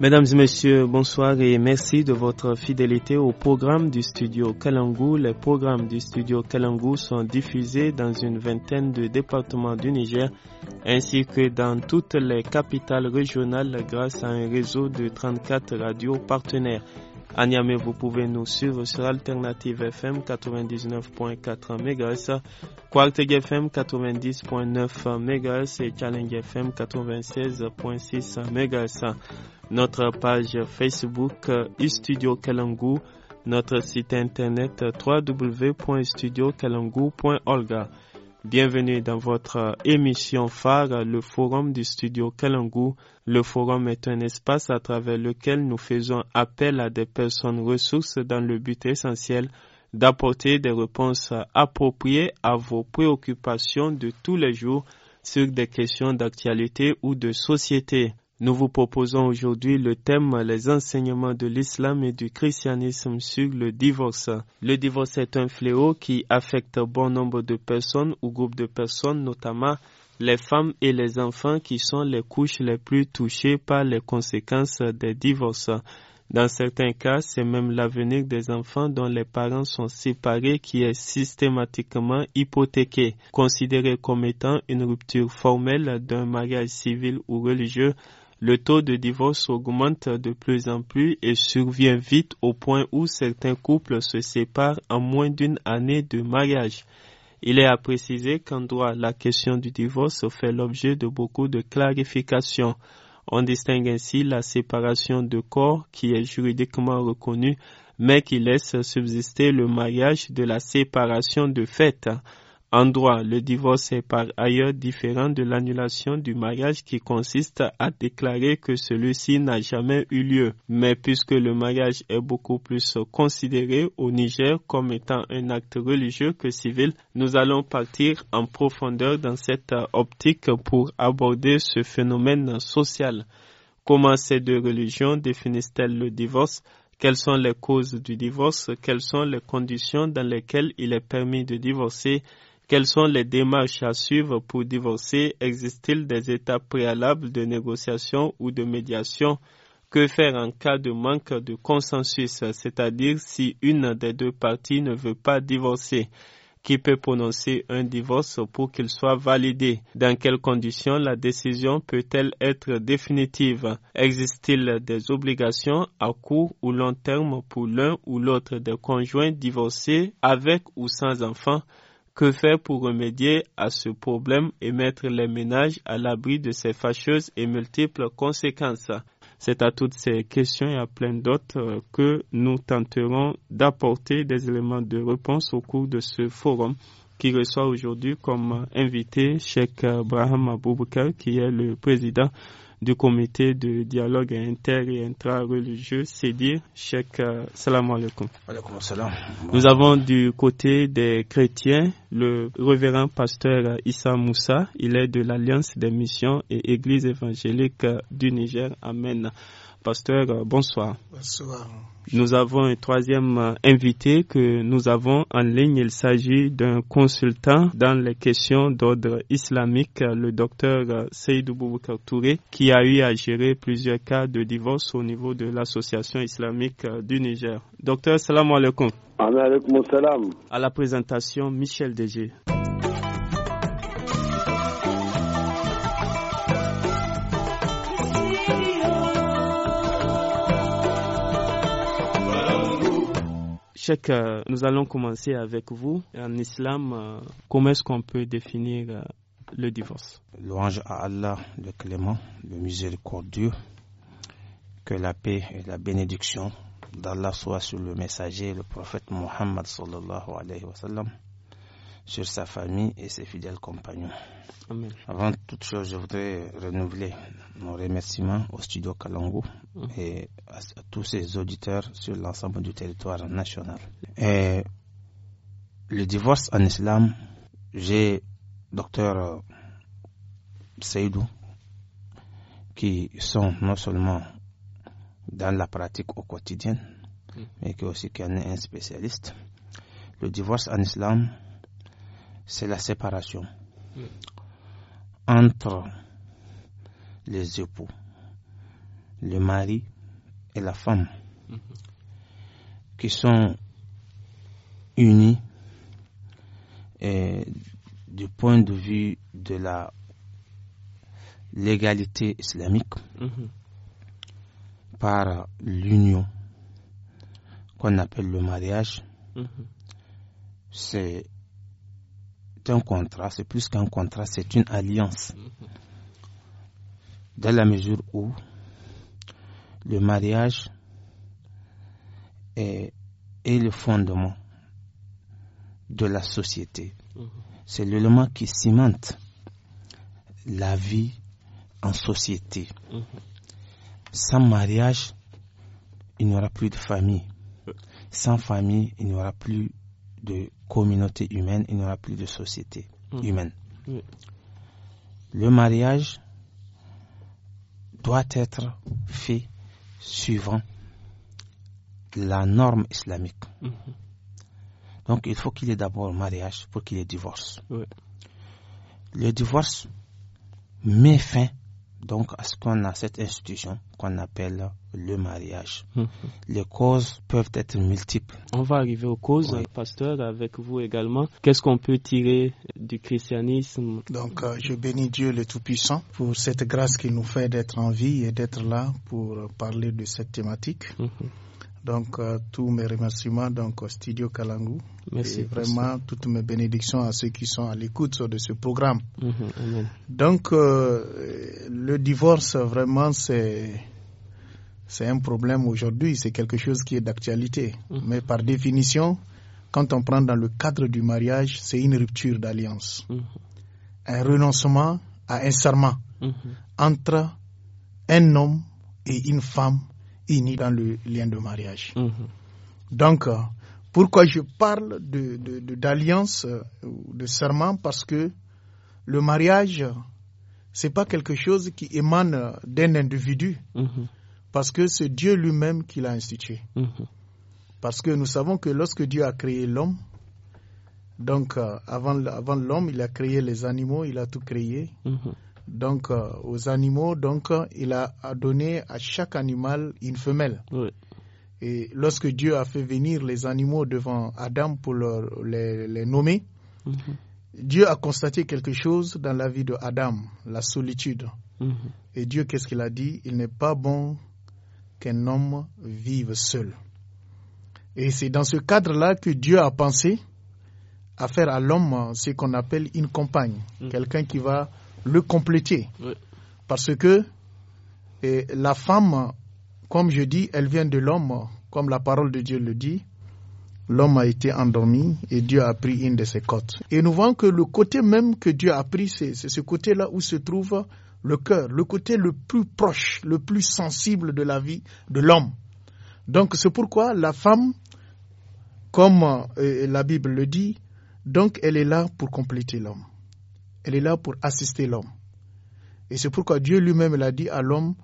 Mesdames et messieurs, bonsoir et merci de votre fidélité au programme du studio Kalangou. Les programmes du studio Kalangou sont diffusés dans une vingtaine de départements du Niger ainsi que dans toutes les capitales régionales grâce à un réseau de 34 radios partenaires. À vous pouvez nous suivre sur Alternative FM 99.4 MHz, Quarteg FM 90.9 MHz et Challenge FM 96.6 MHz notre page Facebook euh, Studio Kalangu, notre site internet euh, www.studiokalangu.org. Bienvenue dans votre euh, émission phare, le forum du studio Kalangu. Le forum est un espace à travers lequel nous faisons appel à des personnes ressources dans le but essentiel d'apporter des réponses appropriées à vos préoccupations de tous les jours sur des questions d'actualité ou de société. Nous vous proposons aujourd'hui le thème Les enseignements de l'islam et du christianisme sur le divorce. Le divorce est un fléau qui affecte bon nombre de personnes ou groupes de personnes, notamment les femmes et les enfants qui sont les couches les plus touchées par les conséquences des divorces. Dans certains cas, c'est même l'avenir des enfants dont les parents sont séparés qui est systématiquement hypothéqué, considéré comme étant une rupture formelle d'un mariage civil ou religieux le taux de divorce augmente de plus en plus et survient vite au point où certains couples se séparent en moins d'une année de mariage. Il est à préciser qu'en droit, la question du divorce fait l'objet de beaucoup de clarifications. On distingue ainsi la séparation de corps qui est juridiquement reconnue, mais qui laisse subsister le mariage de la séparation de fait. En droit, le divorce est par ailleurs différent de l'annulation du mariage qui consiste à déclarer que celui-ci n'a jamais eu lieu. Mais puisque le mariage est beaucoup plus considéré au Niger comme étant un acte religieux que civil, nous allons partir en profondeur dans cette optique pour aborder ce phénomène social. Comment ces deux religions définissent-elles le divorce quelles sont les causes du divorce, quelles sont les conditions dans lesquelles il est permis de divorcer, quelles sont les démarches à suivre pour divorcer Existe-t-il des étapes préalables de négociation ou de médiation Que faire en cas de manque de consensus, c'est-à-dire si une des deux parties ne veut pas divorcer qui peut prononcer un divorce pour qu'il soit validé Dans quelles conditions la décision peut-elle être définitive Existe-t-il des obligations à court ou long terme pour l'un ou l'autre des conjoints divorcés avec ou sans enfants que faire pour remédier à ce problème et mettre les ménages à l'abri de ces fâcheuses et multiples conséquences C'est à toutes ces questions et à plein d'autres euh, que nous tenterons d'apporter des éléments de réponse au cours de ce forum qui reçoit aujourd'hui comme invité Cheikh Abraham Aboubakar qui est le président du comité de dialogue inter et intra-religieux, c'est dire Cheikh euh, Salam alaikum. Nous avons du côté des chrétiens le révérend pasteur euh, Issa Moussa. Il est de l'Alliance des missions et Église évangélique euh, du Niger. Amen. Pasteur, euh, bonsoir. Bonsoir. Nous avons un troisième euh, invité que nous avons en ligne. Il s'agit d'un consultant dans les questions d'ordre islamique, euh, le docteur Seydou Touré, qui a eu à gérer plusieurs cas de divorce au niveau de l'association islamique du Niger. Docteur, salam alaikum. salam. À la présentation, Michel Dégé. Cheikh, euh, nous allons commencer avec vous. En islam, euh, comment est-ce qu'on peut définir euh, le divorce Louange à Allah, le clément, le miséricordieux. Que la paix et la bénédiction d'Allah soient sur le messager, le prophète Mohammed, sur sa famille et ses fidèles compagnons. Avant toute chose, je voudrais renouveler mon remerciement au studio Kalongo mm. et à, tous ses auditeurs sur l'ensemble du territoire national. Et le divorce en islam, j'ai docteur euh, Seydou qui sont non seulement dans la pratique au quotidien, mm. mais qui aussi un spécialiste. Le divorce en islam, c'est la séparation. Mm entre les époux, le mari et la femme, mhm. qui sont unis et du point de vue de la l'égalité islamique mhm. par l'union qu'on appelle le mariage. Mhm. C'est c'est un contrat, c'est plus qu'un contrat, c'est une alliance. Dans la mesure où le mariage est, est le fondement de la société. C'est l'élément qui cimente la vie en société. Sans mariage, il n'y aura plus de famille. Sans famille, il n'y aura plus de communauté humaine, il n'y aura plus de société mm. humaine. Le mariage doit être fait suivant la norme islamique. Mm-hmm. Donc il faut qu'il y ait d'abord mariage pour qu'il y ait divorce. Le divorce met fin donc à ce qu'on a cette institution qu'on appelle le mariage. Hum, hum. Les causes peuvent être multiples. On va arriver aux causes, pasteur, avec vous également. Qu'est-ce qu'on peut tirer du christianisme Donc, euh, je bénis Dieu le Tout-Puissant pour cette grâce qu'il nous fait d'être en vie et d'être là pour parler de cette thématique. Hum, donc, euh, tous mes remerciements donc, au studio Kalangu. Merci. Et vraiment, toutes mes bénédictions à ceux qui sont à l'écoute de ce programme. Mhm, donc, euh, le divorce, vraiment, c'est. C'est un problème aujourd'hui, c'est quelque chose qui est d'actualité. Mhm. Mais par définition, quand on prend dans le cadre du mariage, c'est une rupture d'alliance. Mhm. Un renoncement à un serment entre un homme et une femme unis dans le lien de mariage. Mhm. Donc, euh, pourquoi je parle d'alliance, de, euh, de, serment Parce que le mariage, c'est pas quelque chose qui émane euh, d'un individu, mhm. parce que c'est Dieu lui-même qui l'a institué. Mhm. Parce que nous savons que lorsque Dieu a créé l'homme, donc avant, avant l'homme, il a créé les animaux, il a tout créé donc euh, aux animaux. Donc, il a, donné à chaque animal une femelle. Et lorsque Dieu a fait venir les animaux devant Adam pour les, nommer, mhm. Dieu a constaté quelque chose dans la vie de Adam, la solitude. Mhm. Et Dieu, qu'est-ce qu'il a dit Il n'est pas bon qu'un homme vive seul. Et c'est dans ce cadre-là que Dieu a pensé à faire à l'homme ce qu'on appelle une compagne, mhm. quelqu'un qui va le compléter. Parce que la femme, comme je dis, elle vient de l'homme, comme la parole de Dieu le dit. L'homme a été endormi et Dieu a pris une de ses côtes. Et nous voyons que le côté même que Dieu a pris, c'est ce côté-là où se trouve le cœur, le côté le plus proche, le plus sensible de la vie de l'homme. Donc c'est pourquoi la femme, comme euh, la Bible le dit, donc elle est là pour compléter l'homme. Elle est là pour assister l'homme. Et c'est pourquoi Dieu lui-même l'a dit à l'homme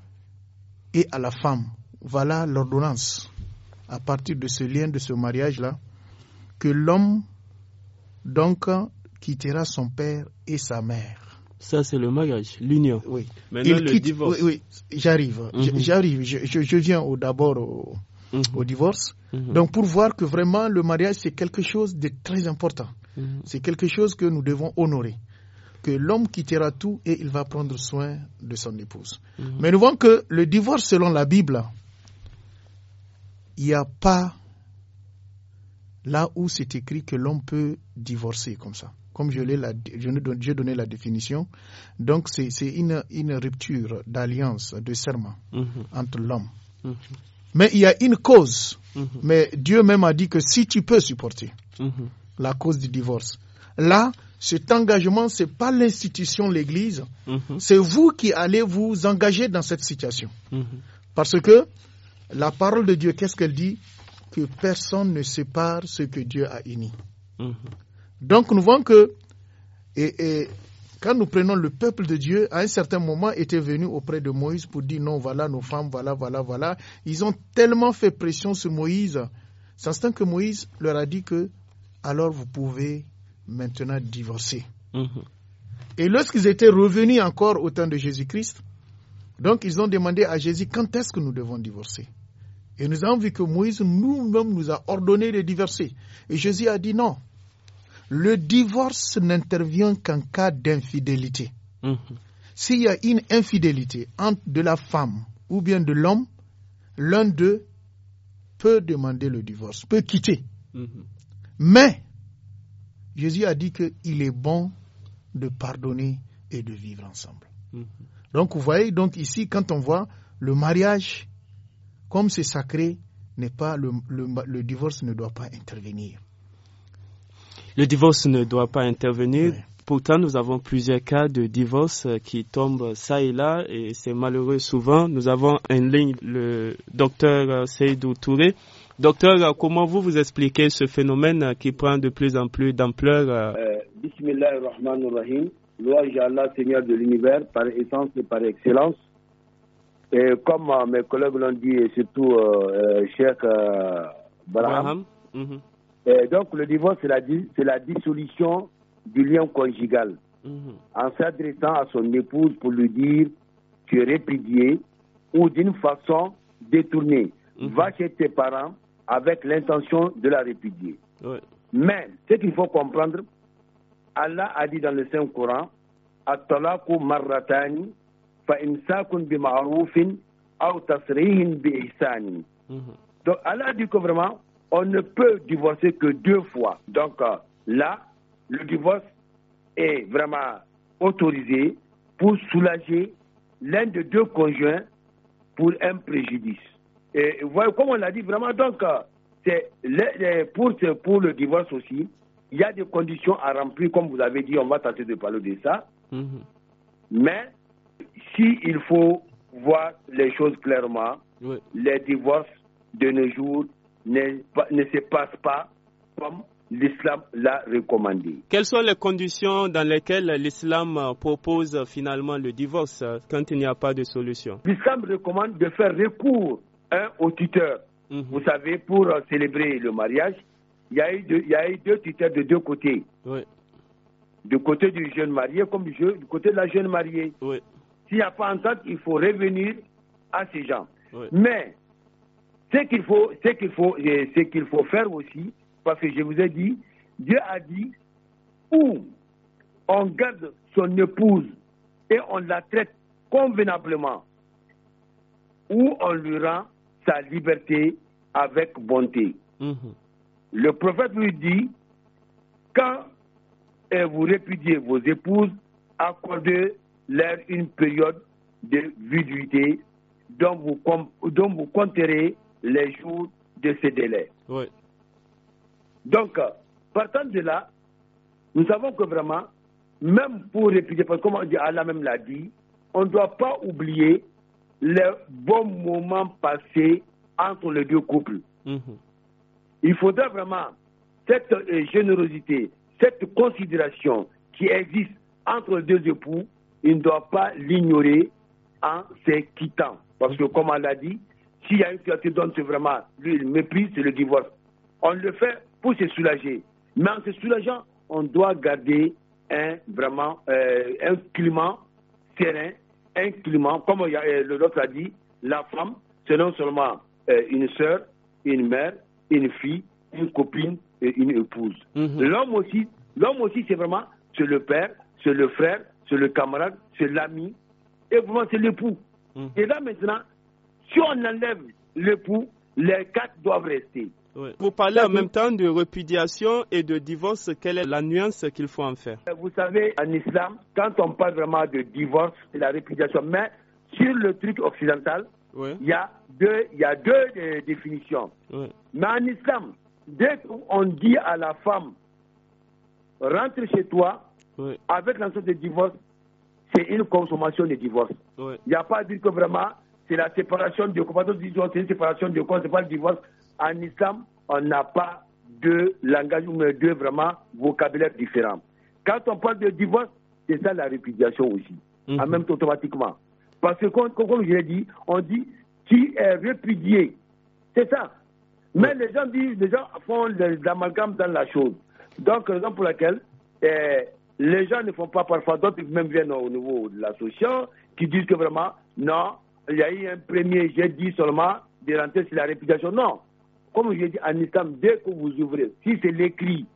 et à la femme. Voilà l'ordonnance. À partir de ce lien, de ce mariage-là, que l'homme, donc, quittera son père et sa mère. Ça, c'est le mariage, l'union. Oui. Maintenant, le divorce. Oui, j'arrive. Mhm. J'arrive. Je, viens au, d'abord au, mhm. divorce. Mhm. Donc, pour voir que vraiment, le mariage, c'est quelque chose de très important. C'est quelque chose que nous devons honorer que l'homme quittera tout et il va prendre soin de son épouse. Mhm. Mais nous voyons que le divorce selon la Bible, il n'y a pas là où c'est écrit que l'homme peut divorcer comme ça. Comme je l'ai je donné la définition, donc c'est une, une, rupture d'alliance, de serment mhm. entre l'homme. Mhm. Mais il y a une cause. Mais Dieu même a dit que si tu peux supporter, la cause du divorce. Là, cet engagement, ce n'est pas l'institution, l'Église, mhm. c'est vous qui allez vous engager dans cette situation. Mhm. Parce que la parole de Dieu, qu'est-ce qu'elle dit Que personne ne sépare ce que Dieu a uni. Mhm. Donc nous voyons que, et, quand nous prenons le peuple de Dieu, à un certain moment était venu auprès de Moïse pour dire non, voilà nos femmes, voilà, voilà, voilà. Ils ont tellement fait pression sur Moïse, c'est que Moïse leur a dit que alors vous pouvez maintenant divorcer. Mhm. Et lorsqu'ils étaient revenus encore au temps de Jésus-Christ, donc ils ont demandé à Jésus quand est-ce que nous devons divorcer. Et nous avons vu que Moïse nous-mêmes nous a ordonné de divorcer. Et Jésus a dit non. Le divorce n'intervient qu'en cas d'infidélité. Mhm. S'il y a une infidélité entre de la femme ou bien de l'homme, l'un d'eux peut demander le divorce, peut quitter. Mhm. Mais Jésus a dit qu'il est bon de pardonner et de vivre ensemble. Mhm. Donc vous voyez, donc ici, quand on voit le mariage, comme c'est sacré, n'est pas le, divorce ne doit pas intervenir. Le divorce ne doit pas intervenir. Pourtant, nous avons plusieurs cas de divorce euh, qui tombent ça et là, et c'est malheureux souvent. Nous avons en ligne le docteur euh, Seydou Touré Docteur, euh, comment vous vous expliquez ce phénomène euh, qui prend de plus en plus d'ampleur euh? Bismillahirrahmanirrahim. Bismillah rahman Allah, Seigneur de l'univers, par essence et par excellence. Et comme mes collègues l'ont dit, et surtout euh, Cheikh mhm. donc le divorce, c'est la, la, dissolution du lien conjugal. Mhm. En s'adressant à son épouse pour lui dire « tu es répudié » ou d'une façon détournée. Mhm. Va chez tes parents, avec l'intention de la répudier. Mais ce qu'il faut comprendre, Allah a dit dans le Saint-Coran, at fa mhm. Donc Allah a dit que vraiment, on ne peut divorcer que deux fois. Donc euh, là, le divorce est vraiment autorisé pour soulager l'un de deux conjoints pour un préjudice comme on l'a dit vraiment, donc, euh, c'est pour, pour le divorce aussi, il y a des conditions à remplir, comme vous avez dit, on va tenter de parler de ça. Mhm. Mais s'il faut voir les choses clairement, les divorces de nos jours ne, ne se passent pas comme l'islam l'a recommandé. Quelles sont les conditions dans lesquelles l'islam propose finalement le divorce euh, quand il n'y a pas de solution L'islam recommande de faire recours un au tuteurs. Mhm. Vous savez, pour euh, célébrer le mariage, il y, a eu deux, tuteurs de deux côtés. Du côté du jeune marié comme du, côté de la jeune mariée. S'il n'y a pas entente, il faut revenir à ces gens. Mais ce qu'il faut, ce qu'il faut, ce qu'il faut faire aussi, parce que je vous ai dit, Dieu a dit, où on garde son épouse et on la traite convenablement, Où on lui rend sa liberté avec bonté. Mhm. Le prophète lui dit, quand vous répudiez vos épouses, accordez-leur une période de viduité dont vous, dont compterez les jours de ce délai. Donc, partant de là, nous savons que vraiment, même pour répudier, parce comme Allah même l'a dit, on ne doit pas oublier le bon moment passé entre les deux couples. Mhm. Il faudrait vraiment cette euh, générosité, cette considération qui existe entre les deux époux, il ne doit pas l'ignorer en se quittant. Parce que, comme on l'a dit, s'il y a une qui donne, c'est vraiment lui, il méprise, c'est le divorce. On le fait pour se soulager. Mais en se soulageant, on doit garder un, vraiment, euh, un climat serein climat, comme l'autre euh, a dit, la femme, c'est non seulement euh, une sœur, une mère, une fille, une copine et une épouse. Mhm. L'homme aussi, l'homme aussi, c'est vraiment, c'est le père, c'est le frère, c'est le camarade, c'est l'ami, et vraiment c'est l'époux. Mhm. Et là maintenant, si on enlève l'époux, les quatre doivent rester. Vous parlez en même temps de répudiation et de divorce. Quelle est la nuance qu'il faut en faire Vous savez, en islam, quand on parle vraiment de divorce, et la répudiation. Mais sur le truc occidental, il y a deux, il y a deux euh, définitions. Mais en islam, dès qu'on dit à la femme, rentre chez toi, avec l'ensemble de divorce, c'est une consommation de divorce. Il n'y a pas à dire que vraiment c'est la séparation de c'est une séparation de quoi, c'est pas le divorce en islam, on n'a pas deux langages ou deux vraiment vocabulaires différents. Quand on parle de divorce, c'est ça la répudiation aussi, mhm. même automatiquement. Parce que, comme, je l'ai dit, on dit qui est répudié. C'est ça. Mais les gens disent, les gens font l'amalgame dans la chose. Donc, raison pour laquelle eh, les gens ne font pas parfois, d'autres même viennent au niveau de l'association, qui disent que vraiment, non, il y a eu un premier, j'ai dit seulement de rentrer sur la réputation. Non, comme je dis en islam, dès que vous ouvrez, si c'est l'écrit,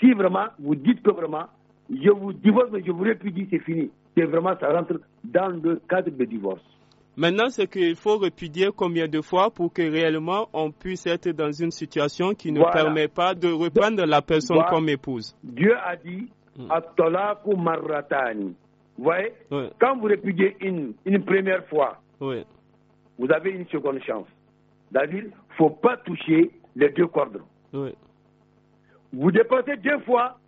si vraiment vous dites que vraiment, je vous divorce, mais je vous répudie, c'est fini, c'est vraiment, ça rentre dans le cadre de divorce. Maintenant, c'est qu'il faut répudier combien de fois pour que réellement on puisse être dans une situation qui ne permet pas de reprendre la personne comme épouse. Dieu a dit, hmm. Quand vous répudiez une, première fois, vous avez une seconde chance. David faut pas toucher les deux cordes. Vous dépensez deux fois.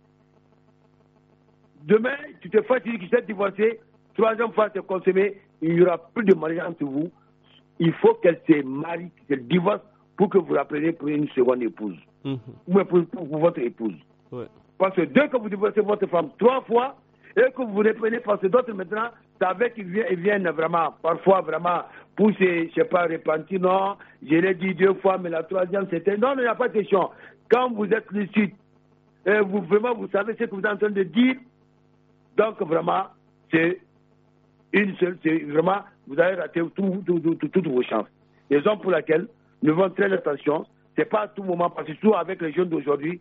Demain, tu te fais dire que tu Troisième fois, c'est consommé. Il n'y aura plus de mariage entre vous. Il faut qu'elle se marie, qu'elle divorce pour que vous rappeliez pour une seconde épouse. Mhm. Ou pour, votre épouse. Parce que dès que vous divorcez votre femme trois fois, et que vous reprenez parce que d'autres maintenant, Savez qu'ils viennent vraiment, parfois vraiment, pour se, je sais pas, repentir. Non, je l'ai dit deux fois, mais la troisième, c'était. Non, il n'y a pas de question. Quand vous êtes lucide, et vous, vraiment, vous savez ce que vous êtes en train de dire. Donc, vraiment, c'est une seule. C'est vraiment, vous avez raté toutes vos chances. Raison pour laquelle nous devons très attention. Ce n'est pas à tout moment, parce que surtout avec les jeunes d'aujourd'hui,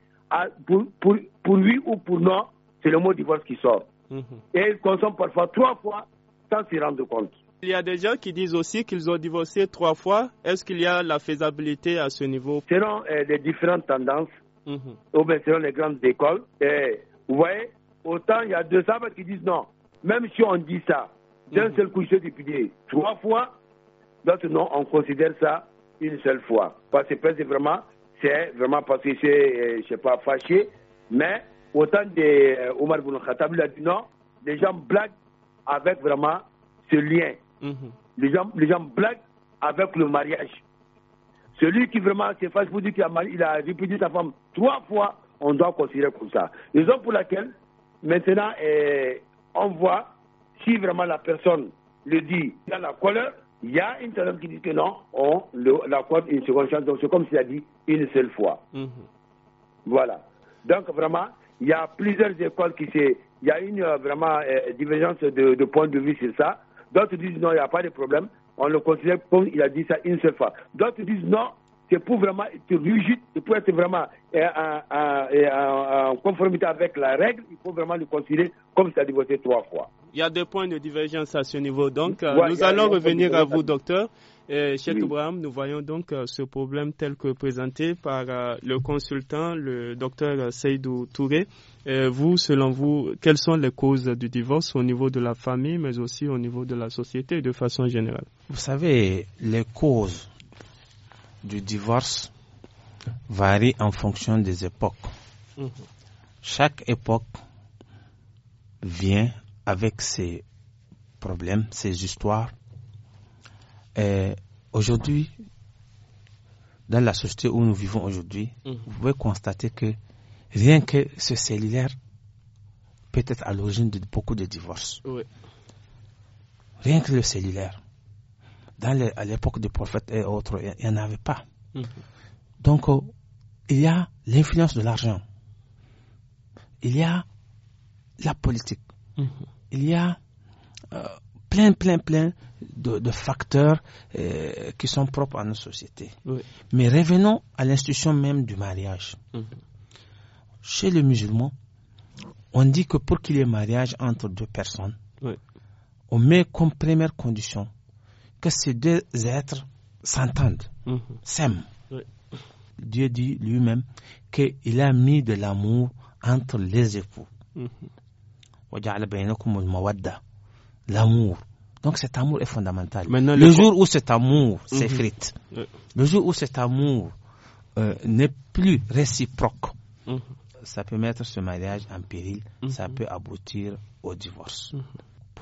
pour, lui ou pour nous, c'est le mot divorce qui sort. Mhm. Et ils consomment parfois trois fois sans s'y rendre compte. Il y a des gens qui disent aussi qu'ils ont divorcé trois fois. Est-ce qu'il y a la faisabilité à ce niveau Selon euh, les différentes tendances, mmh. selon les grandes écoles, et, vous voyez, autant il y a deux savants qui disent non. Même si on dit ça, d'un mhm. seul coucher du pied, trois fois, d'autres non, on considère ça une seule fois. Parce que c'est vraiment, c'est vraiment parce que c'est, euh, je sais pas, fâché, mais au temps euh, Omar Boun Khattab, il a dit non, les gens blaguent avec vraiment ce lien. Mhm. les, gens, les gens blaguent avec le mariage. Celui qui vraiment s'efface pour dire qu'il a, il a répudié sa femme trois fois, on doit considérer comme ça. Raison pour laquelle, maintenant, euh, on voit si vraiment la personne le dit dans la couleur, il y a une personne qui dit que non, on l'accorde une seconde chance. Donc c'est comme s'il a dit une seule fois. Mhm. Voilà. Donc vraiment, il y a plusieurs écoles qui c'est... Il y a une euh, vraiment euh, divergence de, de, point de vue sur ça. D'autres disent non, il n'y a pas de problème. On le considère comme il a dit ça une seule fois. D'autres disent non, pour vraiment être rigide, pour être vraiment euh, euh, euh, en, conformité avec la règle, il faut vraiment le considérer comme ça divorcé trois fois. Il y a des points de divergence à ce niveau. Donc, nous allons revenir à vous, docteur. Et, Cheikh nous voyons donc ce problème tel que présenté par le consultant, le docteur Seydou Touré. vous, selon vous, quelles sont les causes du divorce au niveau de la famille, mais aussi au niveau de la société de façon générale Vous savez, les causes du divorce varie en fonction des époques. Mm-hmm. Chaque époque vient avec ses problèmes, ses histoires. Aujourd'hui, dans la société où nous vivons aujourd'hui, mm-hmm. vous pouvez constater que rien que ce cellulaire peut être à l'origine de beaucoup de divorces. Rien que le cellulaire à l'époque des prophètes et autres, il n'y en avait pas. Mhm. Donc, euh, il y a l'influence de l'argent. Il y a la politique. Mhm. Il y a euh, plein, plein, plein de, facteurs euh, qui sont propres à nos sociétés. Mais revenons à l'institution même du mariage. Mhm. Chez les musulmans, on dit que pour qu'il y ait mariage entre deux personnes, on met comme première condition que ces deux êtres s'entendent, mm-hmm. s'aiment. Dieu dit lui-même qu'il a mis de l'amour entre les époux. Mm-hmm. L'amour. Donc cet amour est fondamental. Mm-hmm. le, jour où cet amour s'effrite, le jour où cet amour n'est plus réciproque, ça peut mettre ce mariage en péril, ça peut aboutir au divorce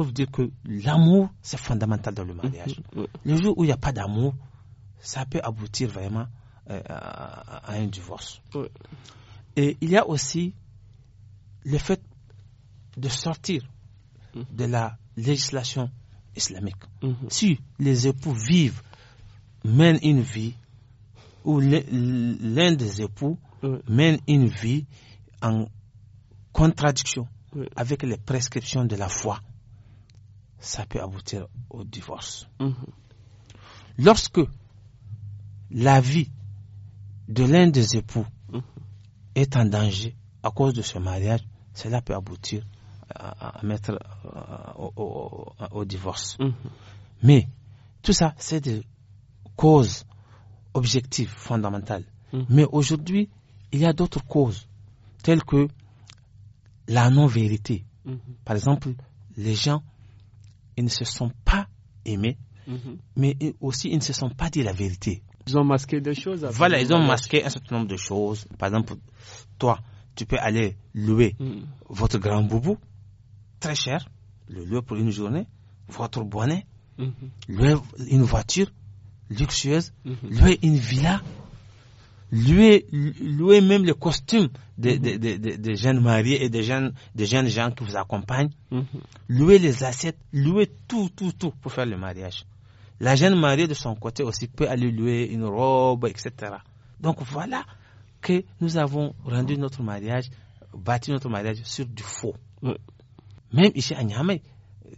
dire que l'amour, c'est fondamental dans le mm-hmm. mariage. Mm-hmm. Le jour où il n'y a pas d'amour, ça peut aboutir vraiment euh, à, un divorce. Et il y a aussi le fait de sortir mm-hmm. de la législation islamique. Si les époux vivent, mènent une vie, ou l'un des époux mène une vie en contradiction avec les prescriptions de la foi ça peut aboutir au divorce. Mhm. Lorsque la vie de l'un des époux mhm. est en danger à cause de ce mariage, cela peut aboutir à, mettre euh, au, divorce. Mhm. Mais tout ça, c'est des causes objectives fondamentales. Mais aujourd'hui, il y a d'autres causes, telles que la non-vérité. Par exemple, les gens ils ne se sont pas aimés, mhm. mais aussi ils ne se sont pas dit la vérité. Ils ont masqué des choses. Voilà, ils ont masqué un certain nombre de choses. Par exemple, toi, tu peux aller louer mhm. votre grand boubou, très cher, le louer pour une journée, votre bonnet, mhm. louer une voiture luxueuse, louer une villa louer, louer même les costumes des, des, des, jeunes mariés et des jeunes, des jeunes gens qui vous accompagnent, mhm. louer les assiettes, louer tout, tout, tout pour faire le mariage. La jeune mariée de son côté aussi peut aller louer une robe, etc. Donc voilà que nous avons rendu notre mariage, bâti notre mariage sur du faux. Même ici à Niamey,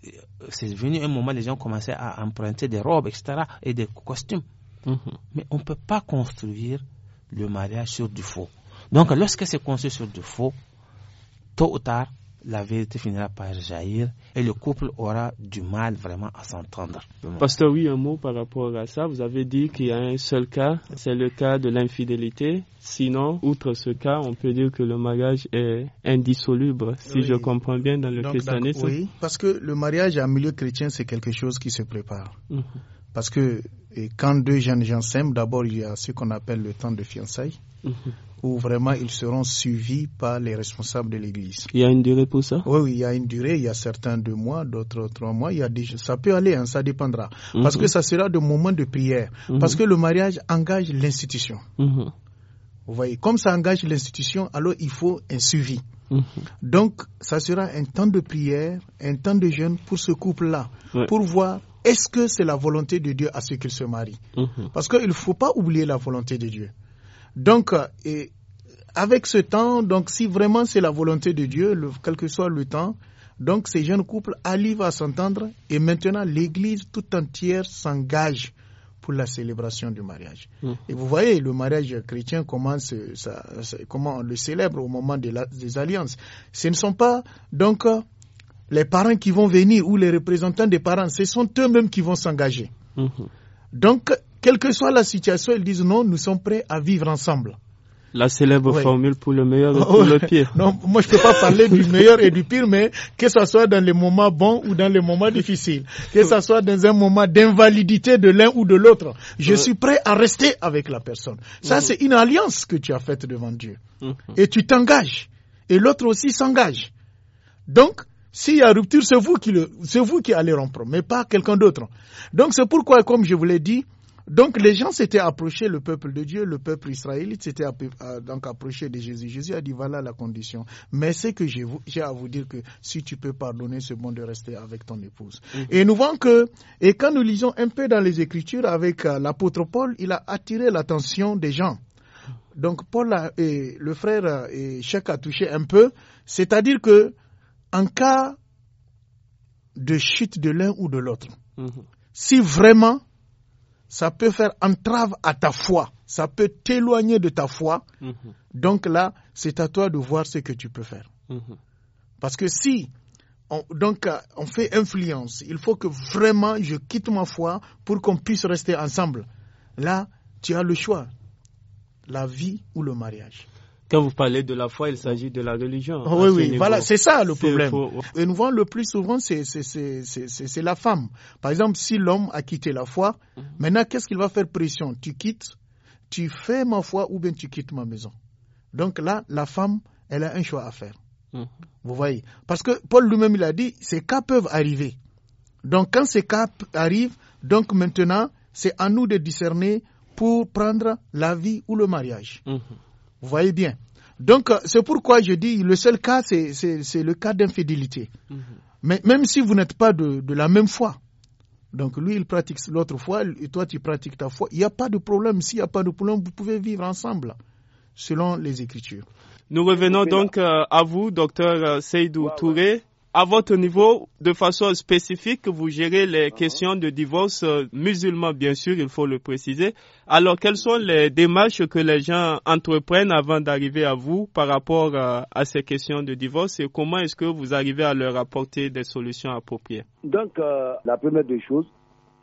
euh, c'est venu un moment, les gens commençaient à emprunter des robes, etc., et des costumes. Mhm. Mais on ne peut pas construire le mariage sur du faux. Donc, lorsque c'est construit sur du faux, tôt ou tard, la vérité finira par jaillir et le couple aura du mal vraiment à s'entendre. Pasteur, oui, un mot par rapport à ça. Vous avez dit qu'il y a un seul cas, c'est le cas de l'infidélité. Sinon, outre ce cas, on peut dire que le mariage est indissoluble, si je comprends bien dans le christianisme. Oui, parce que le mariage en milieu chrétien, c'est quelque chose qui se prépare. Mhm. Parce que et quand deux jeunes gens s'aiment, d'abord il y a ce qu'on appelle le temps de fiançailles, mhm. où vraiment ils seront suivis par les responsables de l'Église. Il y a une durée pour ça oui, oui, il y a une durée. Il y a certains deux mois, d'autres trois mois. Il y a des... Ça peut aller, hein, ça dépendra. Mhm. Parce que ça sera des moments de prière. Mhm. Parce que le mariage engage l'institution. Vous voyez, comme ça engage l'institution, alors il faut un suivi. Donc, ça sera un temps de prière, un temps de jeûne pour ce couple-là, pour voir est-ce que c'est la volonté de Dieu à ce qu'ils se marient mhm. Parce qu'il ne faut pas oublier la volonté de Dieu. Donc, euh, et avec ce temps, donc si vraiment c'est la volonté de Dieu, le, quel que soit le temps, donc ces jeunes couples arrivent à s'entendre et maintenant l'Église tout entière s'engage pour la célébration du mariage. Mhm. Et vous voyez, le mariage chrétien, commence, euh, ça, comment on le célèbre au moment des alliances. Ce ne sont pas donc euh, les parents qui vont venir ou les représentants des parents, ce sont eux-mêmes qui vont s'engager. Mhm. Donc, quelle que soit la situation, ils disent non, nous sommes prêts à vivre ensemble. La célèbre formule pour le meilleur et pour le pire. Non, moi je ne peux pas parler du meilleur et du pire, mais que ce soit dans les moments bons ou dans les moments difficiles, que ce soit dans un moment d'invalidité de l'un ou de l'autre, je suis prêt à rester avec la personne. Ça, c'est une alliance que tu as faite devant Dieu. Mhm. Et tu t'engages. Et l'autre aussi s'engage. Donc, s'il y a rupture, c'est vous qui le, c'est vous qui allez rompre, mais pas quelqu'un d'autre. Donc c'est pourquoi, comme je vous l'ai dit, donc les gens s'étaient approchés, le peuple de Dieu, le peuple israélite s'était euh, donc approché de Jésus. Jésus a dit voilà la condition. Mais c'est que j'ai à vous dire que si tu peux pardonner, c'est bon de rester avec ton épouse. Mhm. Et nous voyons que, et quand nous lisons un peu dans les Écritures avec euh, l'apôtre Paul, il a attiré l'attention des gens. Donc Paul et le frère et Chèque a touché un peu, c'est-à-dire que en cas de chute de l'un ou de l'autre, mhm. si vraiment ça peut faire entrave à ta foi, ça peut t'éloigner de ta foi, mhm. donc là, c'est à toi de voir ce que tu peux faire. Mhm. Parce que si donc, on fait influence, il faut que vraiment je quitte ma foi pour qu'on puisse rester ensemble. Là, tu as le choix, la vie ou le mariage. Quand vous parlez de la foi, il s'agit de la religion. Ah hein, oui, oui, voilà, c'est ça le problème. Et nous voyons le plus souvent, c'est la femme. Par exemple, si l'homme a quitté la foi, mhm. maintenant, qu'est-ce qu'il va faire pression Tu quittes, tu fais ma foi ou bien tu quittes ma maison. Donc là, la femme, elle a un choix à faire. Mhm. Vous voyez Parce que Paul lui-même, il a dit, ces cas peuvent arriver. Donc quand ces cas arrivent, donc maintenant, c'est à nous de discerner pour prendre la vie ou le mariage. Mhm. Vous voyez bien. Donc, euh, c'est pourquoi je dis le seul cas, c'est le cas d'infidélité. Mhm. Mais même si vous n'êtes pas de, la même foi, donc lui, il pratique l'autre foi, et toi, tu pratiques ta foi, il n'y a pas de problème. S'il n'y a pas de problème, vous pouvez vivre ensemble, selon les Écritures. Nous revenons donc euh, à vous, docteur euh, Seydou Touré à votre niveau, de façon spécifique, vous gérez les ah. questions de divorce euh, musulmans, bien sûr, il faut le préciser. Alors, quelles sont les démarches que les gens entreprennent avant d'arriver à vous par rapport à, ces questions de divorce et comment est-ce que vous arrivez à leur apporter des solutions appropriées Donc, euh, la première des choses,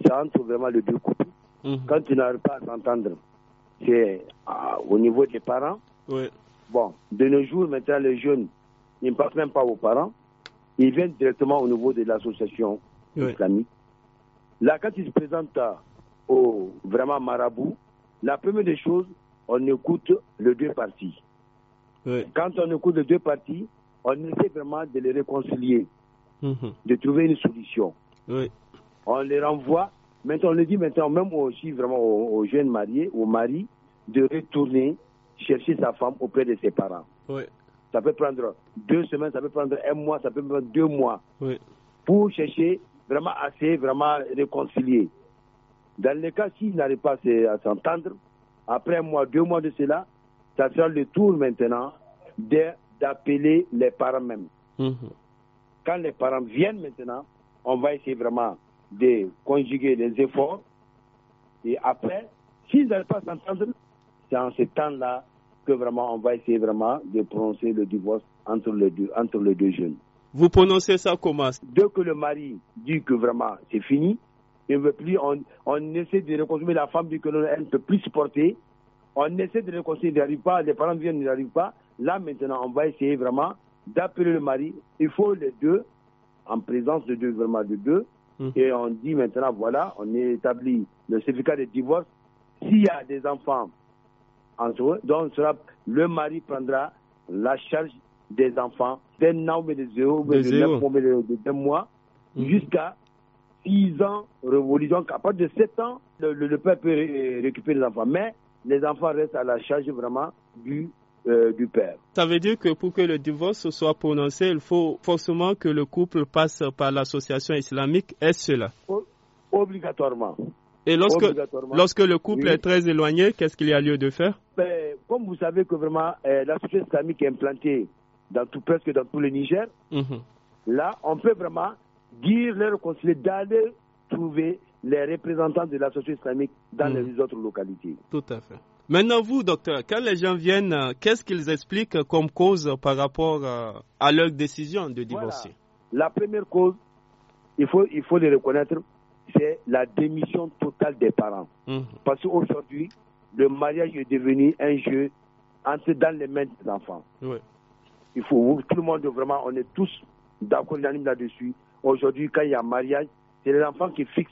c'est entre vraiment les deux couples. Hum. Quand tu n'arrives pas à s'entendre, c'est euh, au niveau des parents. Bon, de nos jours, maintenant, les jeunes, ils ne même pas aux parents ils viennent directement au niveau de l'association islamique. Là, quand ils se présentent au vraiment marabout, la première des choses, on écoute les deux parties. Quand on écoute les deux parties, on essaie vraiment de les réconcilier, mhm. de trouver une solution. On les renvoie. Maintenant, on le dit maintenant, même aussi vraiment aux, aux jeunes mariés, aux maris, de retourner chercher sa femme auprès de ses parents. Oui ça peut prendre deux semaines, ça peut prendre un mois, ça peut prendre deux mois. Oui. Pour chercher vraiment assez, vraiment réconcilier. Dans le cas s'ils n'arrivent pas à s'entendre, après un mois, deux mois de cela, ça sera le tour maintenant d'appeler les parents même. Mhm. Quand les parents viennent maintenant, on va essayer vraiment de conjuguer les efforts. Et après, s'ils n'arrivent pas à s'entendre, c'est en ce temps-là vraiment on va essayer vraiment de prononcer le divorce entre les deux, entre les deux jeunes. Vous prononcez ça comment Dès que le mari dit que vraiment c'est fini, il veut plus, on, essaie de reconstruire la femme dit que elle ne peut plus supporter. On essaie de reconstruire, il n'arrive pas, les parents viennent, il n'arrive pas. Là maintenant, on va essayer vraiment d'appeler le mari. Il faut les deux, en présence de deux, vraiment de deux. Hum. Et on dit maintenant, voilà, on établit le certificat de divorce. S'il y a des enfants donc, le mari prendra la charge des enfants d'un an, mais de zéro, mais de mois, mois, mhm. jusqu'à six ans révolus. Donc, à partir de 7 ans, le, père peut récupérer les enfants. Mais les enfants restent à la charge vraiment du, euh, du père. Ça veut dire que pour que le divorce soit prononcé, il faut forcément que le couple passe par l'association islamique. Est-ce cela Obligatoirement. Et lorsque, le couple est très éloigné, qu'est-ce qu'il y a lieu de faire ben, Comme vous savez que vraiment, eh, la société islamique est implantée dans tout, presque dans tout le Niger, mhm. là, on peut vraiment dire leur conseiller d'aller trouver les représentants de la société islamique dans mhm. les autres localités. Tout à fait. Maintenant, vous, docteur, quand les gens viennent, euh, qu'est-ce qu'ils expliquent comme cause par rapport euh, à leur décision de divorcer La première cause, il faut, il faut les reconnaître, c'est la démission totale des parents. Hum. Parce qu'aujourd'hui, le mariage est devenu un jeu entre dans les mains des enfants. Il faut tout le monde vraiment, on est tous d'accord, là-dessus. Aujourd'hui, quand il y a mariage, c'est les enfants qui fixent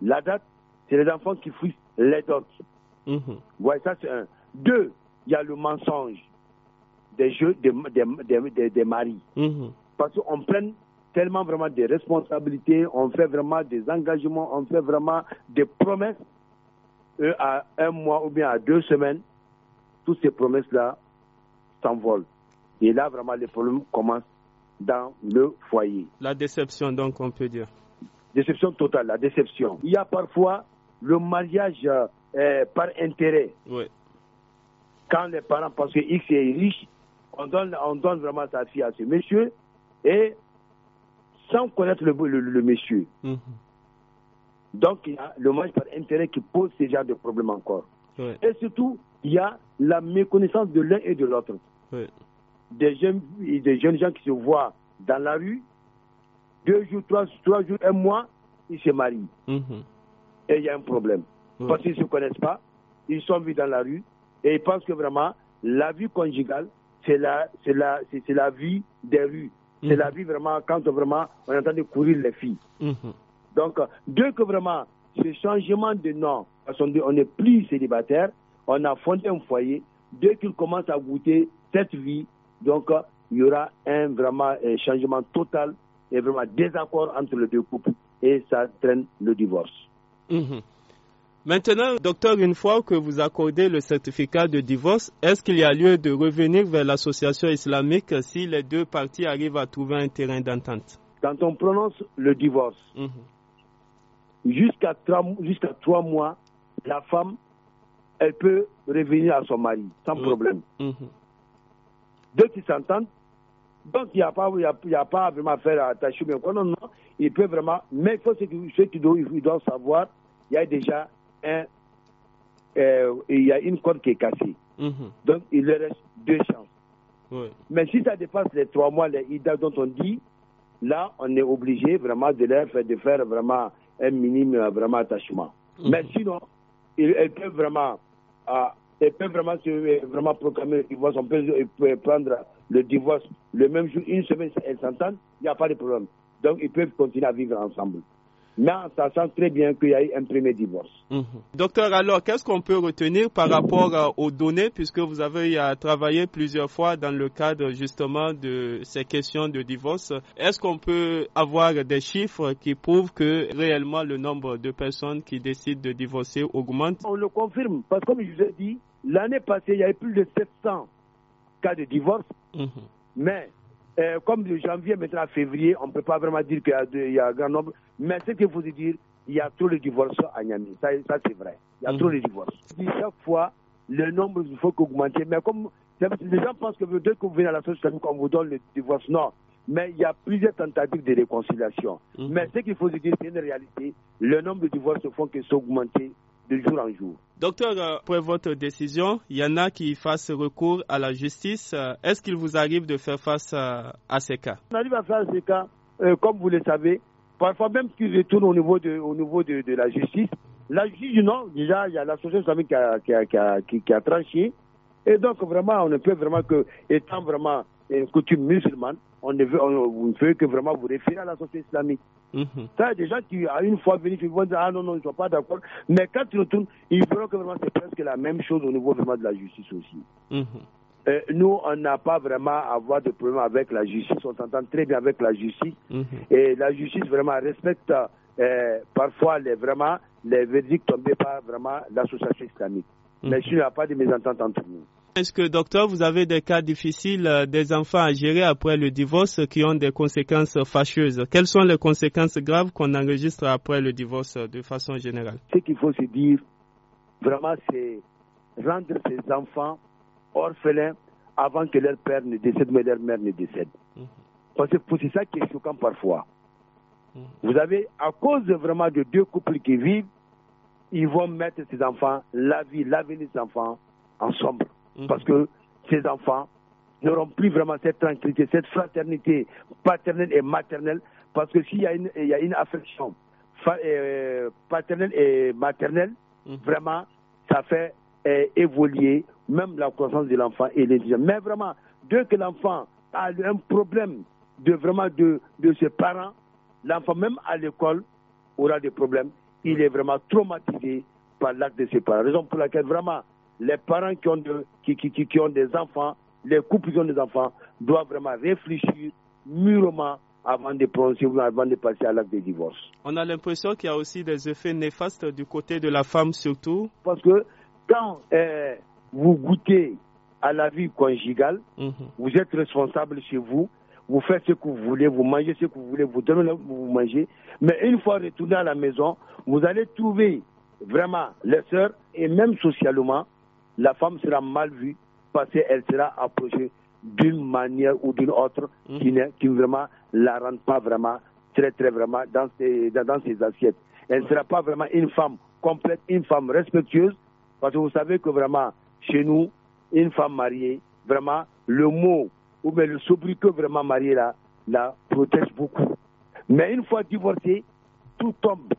la date, c'est les enfants qui fixent les dates. Hum, hum. Ouais, ça c'est un. Deux, il y a le mensonge des jeux des, des, des, des, maris. Parce qu'on prenne tellement vraiment des responsabilités, on fait vraiment des engagements, on fait vraiment des promesses. à un mois ou bien à deux semaines, toutes ces promesses-là s'envolent. Et là, vraiment, les problèmes commencent dans le foyer. La déception, donc, on peut dire. Déception totale, la déception. Il y a parfois le mariage euh, euh, par intérêt. Oui. Quand les parents, parce que X est riche, on donne, on donne vraiment sa fille à ce monsieur et sans connaître le, monsieur. Mhm. Donc, il y a le match par intérêt qui pose ces genre de problèmes encore. Et surtout, il y a la méconnaissance de l'un et de l'autre. Des, jeunes, des jeunes gens qui se voient dans la rue, deux jours, trois, trois jours, un mois, ils se marient. Mhm. Et il y a un problème. Parce qu'ils ne se connaissent pas, ils sont vus dans la rue, et ils pensent que vraiment, la vie conjugale, c'est la vie des rues. C'est la vie vraiment, quand vraiment on est en train de courir les filles. Mhm. Donc, dès que vraiment, ce changement de nom, parce qu'on est plus célibataire, on a fondé un foyer, dès qu'il commence à goûter cette vie, donc il y aura un vraiment un changement total et vraiment désaccord entre les deux couples et ça traîne le divorce. Mhm. Maintenant, docteur, une fois que vous accordez le certificat de divorce, est-ce qu'il y a lieu de revenir vers l'association islamique si les deux parties arrivent à trouver un terrain d'entente Quand on prononce le divorce, mhm. jusqu'à trois, mois, la femme, elle peut revenir à son mari sans mhm. problème. Mhm. Deux qui s'entendent, donc il n'y a, pas vraiment à faire attacher. Non, non, il peut vraiment. Mais il faut ce doivent savoir, il y a déjà euh, il y a une corde qui est cassée. Mhm. Donc, il leur reste deux chances. Mais si ça dépasse les trois mois, les IDA dont on dit, là, on est obligé vraiment de leur faire, de faire vraiment un minime euh, vraiment attachement. Mhm. Mais sinon, elles peuvent vraiment, ah, elles peuvent vraiment, se, euh, vraiment On prendre le divorce le même jour, une semaine, elles s'entendent, il n'y a pas de problème. Donc, ils peuvent continuer à vivre ensemble mais ça sachant très bien qu'il y a eu un premier divorce. Mhm. Docteur, alors, qu'est-ce qu'on peut retenir par rapport euh, aux données, puisque vous avez euh, travaillé plusieurs fois dans le cadre justement de ces questions de divorce Est-ce qu'on peut avoir des chiffres qui prouvent que réellement le nombre de personnes qui décident de divorcer augmente On le confirme, parce que comme je vous ai dit, l'année passée, il y avait plus de 700 cas de divorce, mhm. mais euh, comme de janvier maintenant à février, on ne peut pas vraiment dire qu'il y, a un grand nombre. Mais ce qu'il faut dire, il y a trop de divorces à Niamey. Ça, c'est vrai. Il y a tous mhm. trop de divorces. chaque fois, le nombre, il faut qu'augmenter. Mais comme les gens pensent que dès que vous venez à la société, qu'on vous donne le divorce. Non. Mais il y a plusieurs tentatives de réconciliation. Mhm. Mais ce qu'il faut dire, c'est une réalité. Le nombre de divorces ne font que s'augmenter jour en jour. Docteur, euh, après votre décision, il y en a qui fassent recours à la justice. Euh, est-ce qu'il vous arrive de faire face euh, à ces cas On arrive à faire ces cas, comme vous le savez. Parfois même qu'ils retournent au niveau de, au niveau de, la justice. La justice, non, déjà, il y a l'association qui a, qui a tranché. Et donc, vraiment, on ne peut vraiment que, étant vraiment une coutume musulmane, on ne veut, on veut que vraiment vous référez à la société islamique. Mhm. Ça, des gens qui, à une fois venus, ils vont dire, ah non, non, ils ne sont pas d'accord. Mais quand ils retournent, ils verront que vraiment c'est presque la même chose au niveau vraiment de la justice aussi. Mhm. Euh, nous, on n'a pas vraiment à avoir de problème avec la justice. On s'entend très bien avec la justice. Mhm. Et la justice vraiment respecte euh, parfois les, vraiment les verdicts tombés par vraiment l'association islamique. Mais il n'y a pas de mésentente entre nous. Est-ce que, docteur, vous avez des cas difficiles euh, des enfants à gérer après le divorce qui ont des conséquences fâcheuses Quelles sont les conséquences graves qu'on enregistre après le divorce euh, de façon générale Ce qu'il faut se dire, vraiment, c'est rendre ces enfants orphelins avant que leur père ne décède, mais leur mère ne décède. Mhm. Parce que c'est ça qui est choquant parfois. Mhm. Vous avez, à cause vraiment de deux couples qui vivent, ils vont mettre ces enfants, la vie, l'avenir des enfants, en sombre. Mhm. parce que ces enfants n'auront plus vraiment cette tranquillité, cette fraternité paternelle et maternelle, parce que s'il y, y, a une affection euh, paternelle et maternelle, mhm. vraiment, ça fait euh, évoluer même la croissance de l'enfant et l'intelligence. Mais vraiment, dès que l'enfant a un problème de vraiment de, de ses parents, l'enfant même à l'école aura des problèmes. Il est vraiment traumatisé par l'acte de ses parents. Raison pour laquelle vraiment les parents qui ont, qui, qui, qui, ont des enfants, les couples qui ont des enfants, doivent vraiment réfléchir mûrement avant de avant de passer à l'acte de divorce. On a l'impression qu'il y a aussi des effets néfastes du côté de la femme surtout. Parce que quand euh, vous goûtez à la vie conjugale, mhm. vous êtes responsable chez vous, vous faites ce que vous voulez, vous mangez ce que vous voulez, vous donnez ce que vous mangez, mais une fois retourné à la maison, vous allez trouver vraiment les sœurs et même socialement, la femme sera mal vue parce qu'elle sera approchée d'une manière ou d'une autre hmm. qui ne qui vraiment la rend pas vraiment très très vraiment dans ses, dans, assiettes. Elle ne sera pas vraiment une femme complète, une femme respectueuse, parce que vous savez que vraiment, chez nous, une femme mariée, vraiment, le mot ou bien le sobriquet vraiment mariée là, la protège beaucoup. Mais une fois divorcée, tout tombe.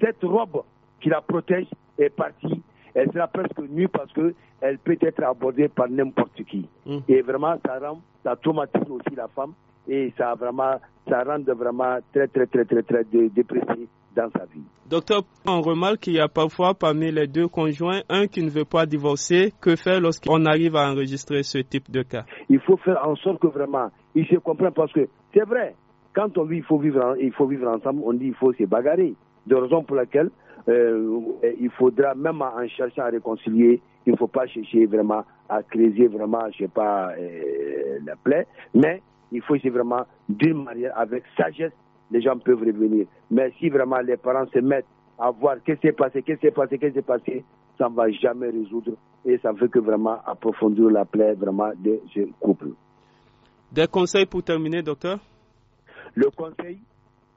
Cette robe qui la protège est partie elle sera presque nue parce qu'elle peut être abordée par n'importe qui. Hmm. Et vraiment, ça rend, ça traumatise aussi la femme et ça vraiment, ça rend vraiment très, très, très, très, très dépressée dans sa vie. Docteur, on remarque qu'il y a parfois parmi les deux conjoints un qui ne veut pas divorcer. Que faire lorsqu'on arrive à enregistrer ce type de cas Il faut faire en sorte que vraiment, il se comprennent parce que c'est vrai, quand on dit qu'il faut vivre, il faut vivre ensemble, on dit il faut se bagarrer. De raison pour laquelle euh, il faudra même en cherchant à réconcilier, il ne faut pas chercher vraiment à creuser vraiment, je sais pas, euh, la plaie, mais il faut essayer vraiment d'une manière, avec sagesse, les gens peuvent revenir. Mais si vraiment les parents se mettent à voir qu'est-ce qui s'est passé, qu'est-ce qui s'est passé, qu'est-ce qui s'est passé, ça ne va jamais résoudre et ça ne veut que vraiment approfondir la plaie vraiment de ce couple. Des conseils pour terminer, docteur Le conseil,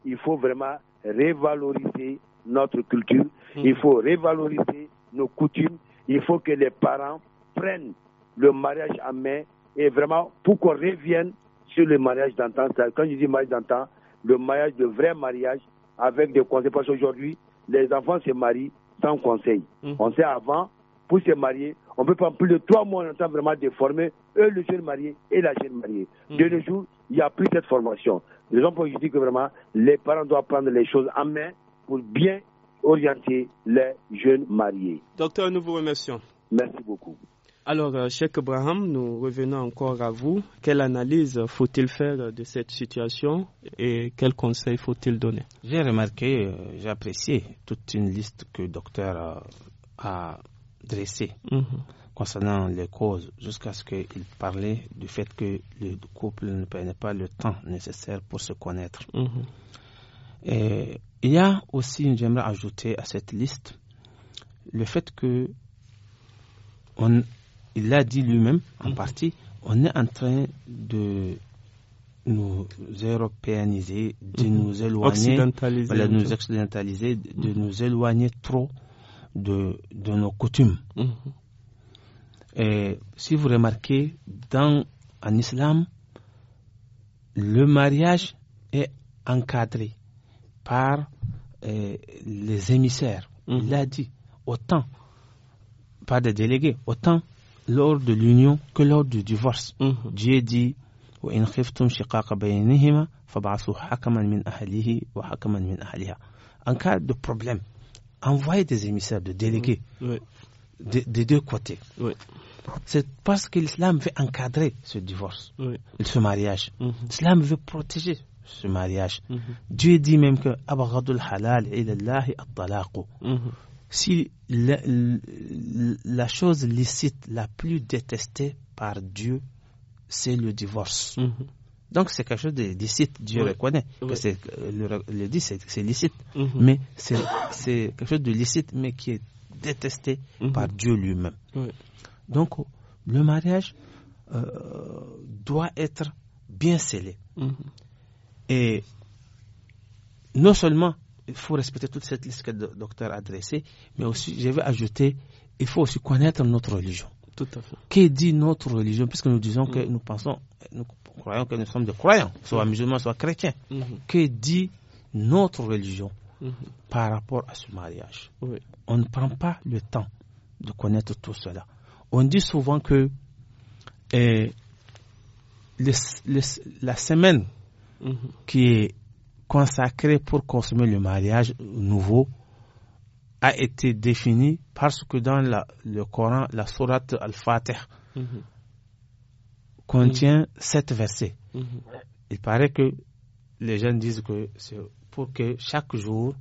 il faut vraiment révaloriser notre culture, mm-hmm. il faut revaloriser nos coutumes, il faut que les parents prennent le mariage en main et vraiment pour qu'on revienne sur le mariage d'antan. Quand je dis mariage d'antan, le mariage, de vrai mariage avec des conseils. Parce qu'aujourd'hui, les enfants se marient sans conseil. Mm-hmm. On sait avant, pour se marier, on peut prendre plus de trois mois en temps vraiment de former eux, le jeune marié et la jeune mariée. De mm-hmm. nos jours, il n'y a plus cette formation. Les gens je dis que vraiment, les parents doivent prendre les choses en main pour bien orienter les jeunes mariés. Docteur, nous vous remercions. Merci beaucoup. Alors, euh, Cheikh Abraham, nous revenons encore à vous. Quelle analyse faut-il faire de cette situation et quels conseils faut-il donner J'ai remarqué, euh, j'ai apprécié toute une liste que le docteur euh, a dressée mhm. concernant les causes, jusqu'à ce qu'il parlait du fait que le couple ne prenait pas le temps nécessaire pour se connaître. Mhm. Et il y a aussi, j'aimerais ajouter à cette liste, le fait que, on, il l'a dit lui-même en mhm. partie, on est en train de nous européaniser, de mhm. nous éloigner, de nous occidentaliser, de mhm. nous éloigner trop de, nos coutumes. Et si vous remarquez, dans, en islam, le mariage est encadré par euh, les émissaires. Il mhm. a dit autant, pas des délégués, autant lors de l'union que lors du divorce. Mhm. Dieu dit En cas de problème, envoyez des émissaires, de délégués mhm. des deux côtés. C'est parce que l'islam veut encadrer ce divorce, ce mariage. L'islam veut protéger ce mariage. Mhm. Dieu dit même que halal mhm. Si la, chose licite la plus détestée par Dieu, c'est le divorce. Mhm. Donc c'est quelque chose de licite, Dieu le reconnaît que c'est euh, le, dit c'est licite, mais c'est quelque chose de licite mais qui est détesté par Dieu lui-même. Donc le mariage euh, doit être bien scellé. Et non seulement il faut respecter toute cette liste que le docteur a dressée, mais aussi, je vais ajouter, il faut aussi connaître notre religion. Tout à fait. que dit notre religion, puisque nous disons que nous pensons, nous croyons que nous sommes des croyants, soit mm-hmm. musulmans, soit chrétiens. Mm-hmm. que dit notre religion mm-hmm. par rapport à ce mariage On ne prend pas le temps de connaître tout cela. On dit souvent que eh, la semaine qui est consacré pour consommer le mariage nouveau a été défini parce que dans le Coran, la sourate Al-Fatih contient sept versets. Il paraît que les gens disent que c'est pour que chaque jour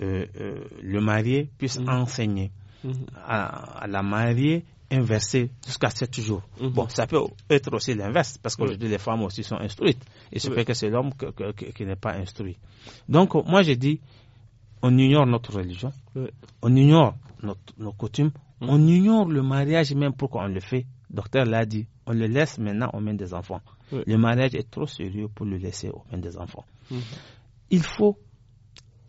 euh, euh, le marié puisse mhm. enseigner mhm. à, la mariée inversé jusqu'à 7 jours. Mhm. Bon, ça peut être aussi l'inverse, parce que les femmes aussi sont instruites. Et c'est oui. que c'est l'homme qui n'est pas instruit. Donc, moi, j'ai dit, on ignore notre religion, on ignore nos coutumes, mhm. on ignore le mariage même pourquoi on le fait. docteur l'a dit, on le laisse maintenant aux mains des enfants. Le mariage est trop sérieux pour le laisser aux mains des enfants. Mhm. Il faut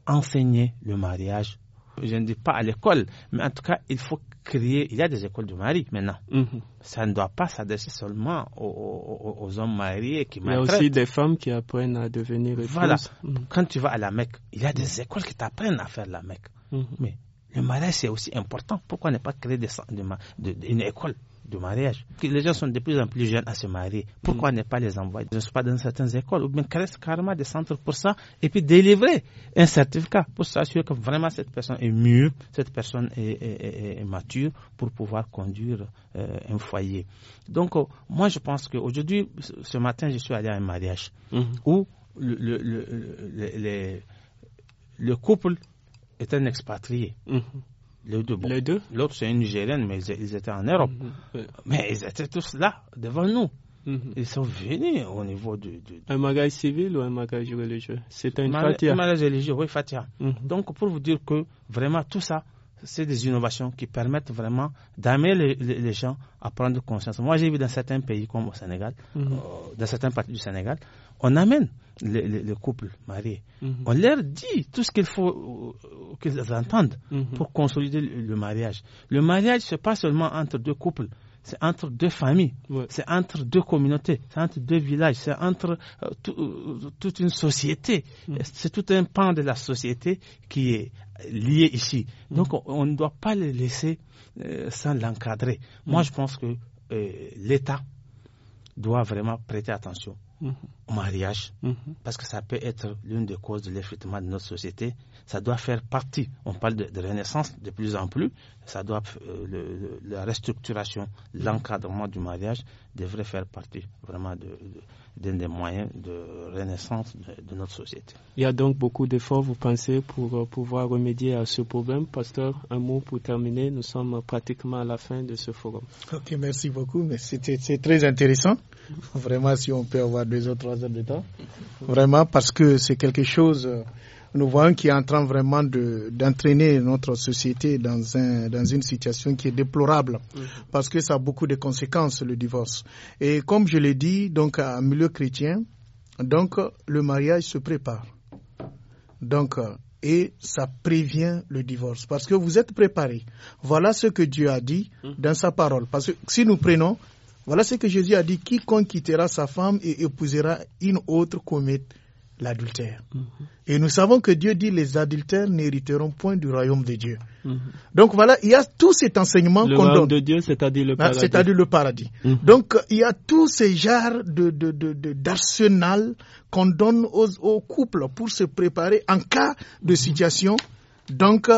enseigner le mariage je ne dis pas à l'école, mais en tout cas, il faut créer. Il y a des écoles du mari maintenant. Mhm. Ça ne doit pas s'adresser seulement aux, hommes mariés qui maltraitent. Il y a aussi des femmes qui apprennent à devenir Voilà. Mhm. Quand tu vas à la Mecque, il y a des écoles qui t'apprennent à faire la Mecque. Mhm. Mais le mariage, c'est aussi important. Pourquoi ne pas créer des, une école de mariage. Les gens sont de plus en plus jeunes à se marier. Pourquoi ne pas les envoyer, je ne pas, dans certaines écoles ou bien créer karma des centres pour ça et puis délivrer un certificat pour s'assurer que vraiment cette personne est mûre, cette personne est, mature pour pouvoir conduire euh, un foyer. Donc, euh, moi, je pense qu'aujourd'hui, ce matin, je suis allé à un mariage mm-hmm. où le, couple est un expatrié. Mm-hmm. Les deux. L'autre, c'est une Nigérienne, mais ils étaient en Europe. Mm-hmm. Mais ils étaient tous là, devant nous. Mm-hmm. Ils sont venus au niveau du. Un magasin civil ou un magasin religieux C'est un fatia. Un magasin religieux, oui, fatia. Mm-hmm. Donc, pour vous dire que vraiment tout ça, c'est des innovations qui permettent vraiment d'amener les, gens à prendre conscience. Moi, j'ai vu dans certains pays comme au Sénégal, euh, dans certains parties du Sénégal, on amène les, couple marié, couples mariés. Mhm. On leur dit tout ce qu'il faut euh, qu'ils entendent mhm. pour consolider le, mariage. Le mariage, n'est pas seulement entre deux couples, c'est entre deux familles, c'est entre deux communautés, c'est entre deux villages, c'est entre euh, euh, toute une société. Mhm. C'est tout un pan de la société qui est lié ici. Donc on, ne doit pas le laisser sans l'encadrer. Moi, je pense que l'État doit vraiment prêter attention au mariage, parce que ça peut être l'une des causes de l'effritement de notre société. Ça doit faire partie, on parle de, renaissance de plus en plus, ça doit, euh, la restructuration, mhm. l'encadrement du mariage devrait faire partie vraiment de d'un des moyens de renaissance de, notre société. Il y a donc beaucoup d'efforts, vous pensez, pour euh, pouvoir remédier à ce problème. Pasteur, un mot pour terminer. Nous sommes pratiquement à la fin de ce forum. Ok, merci beaucoup. C'est très intéressant. Vraiment, si on peut avoir deux ou trois heures de temps. Vraiment, parce que c'est quelque chose euh, nous voyons qu'il est en train vraiment d'entraîner notre société dans, un, dans une situation qui est déplorable mm-hmm. parce que ça a beaucoup de conséquences, le divorce. Et comme je l'ai dit, donc, à milieu chrétien, donc, le mariage se prépare. Donc, et ça prévient le divorce parce que vous êtes préparé. Voilà ce que Dieu a dit mm-hmm. dans sa parole. Parce que si nous prenons, voilà ce que Jésus a dit quiconque quittera sa femme et épousera une autre comète ?» l'adultère. Mm-hmm. Et nous savons que Dieu dit les adultères n'hériteront point du royaume de Dieu. Mm-hmm. Donc voilà, il y a tout cet enseignement qu'on donne. Le royaume de Dieu, c'est-à-dire le ah, paradis. C'est-à-dire le paradis. Mm-hmm. Donc il y a tous ces genres de, d'arsenal de, de, qu'on donne aux, aux, couples pour se préparer en cas de situation. Donc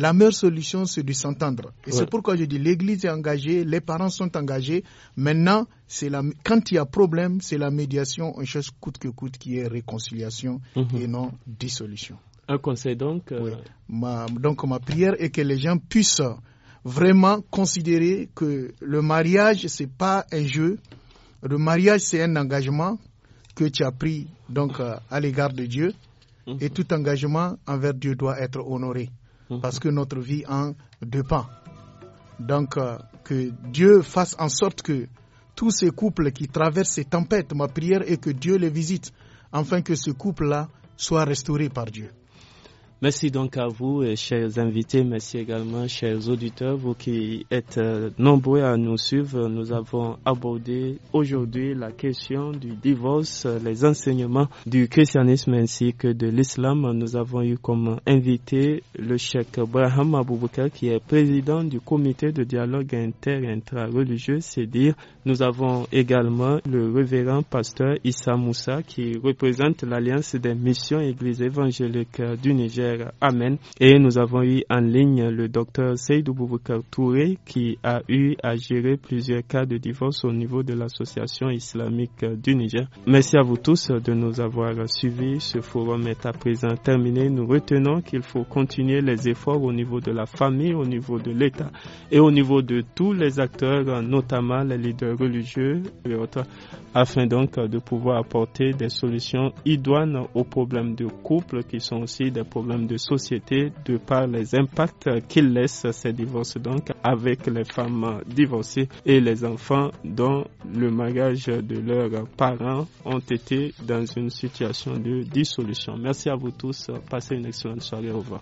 la meilleure solution, c'est de s'entendre. Et c'est pourquoi je dis l'Église est engagée, les parents sont engagés. Maintenant, c'est la, quand il y a problème, c'est la médiation. une chose coûte que coûte qui est réconciliation mhm. et non dissolution. Un conseil donc. Euh, ma, donc ma prière est que les gens puissent vraiment considérer que le mariage c'est pas un jeu. Le mariage c'est un engagement que tu as pris donc euh, à l'égard de Dieu. Mhm. Et tout engagement envers Dieu doit être honoré. Mhm. parce que notre vie en dépend. Donc, euh, que Dieu fasse en sorte que tous ces couples qui traversent ces tempêtes, ma prière est que Dieu les visite, afin que ce couple-là soit restauré par Dieu. Merci donc à vous, chers invités. Merci également, chers auditeurs, vous qui êtes euh, nombreux à nous suivre. Nous avons abordé aujourd'hui la question du divorce, euh, les enseignements du christianisme ainsi que de l'islam. Nous avons eu comme invité le cheikh Braham Aboubouka qui est président du comité de dialogue inter intra-religieux, c'est dire. Nous avons également le révérend pasteur Issa Moussa qui représente l'Alliance des missions églises évangéliques du Niger Amen. Et nous avons eu en ligne le docteur Seydou Bouboukar Touré qui a eu à gérer plusieurs cas de divorce au niveau de l'association islamique du Niger. Merci à vous tous de nous avoir suivis. Ce forum est à présent terminé. Nous retenons qu'il faut continuer les efforts au niveau de la famille, au niveau de l'État et au niveau de tous les acteurs, notamment les leaders religieux et autres, afin donc de pouvoir apporter des solutions idoines aux problèmes de couple qui sont aussi des problèmes de société de par les impacts qu'ils laissent ces divorces donc avec les femmes divorcées et les enfants dont le mariage de leurs parents ont été dans une situation de dissolution. Merci à vous tous. Passez une excellente soirée. Au revoir.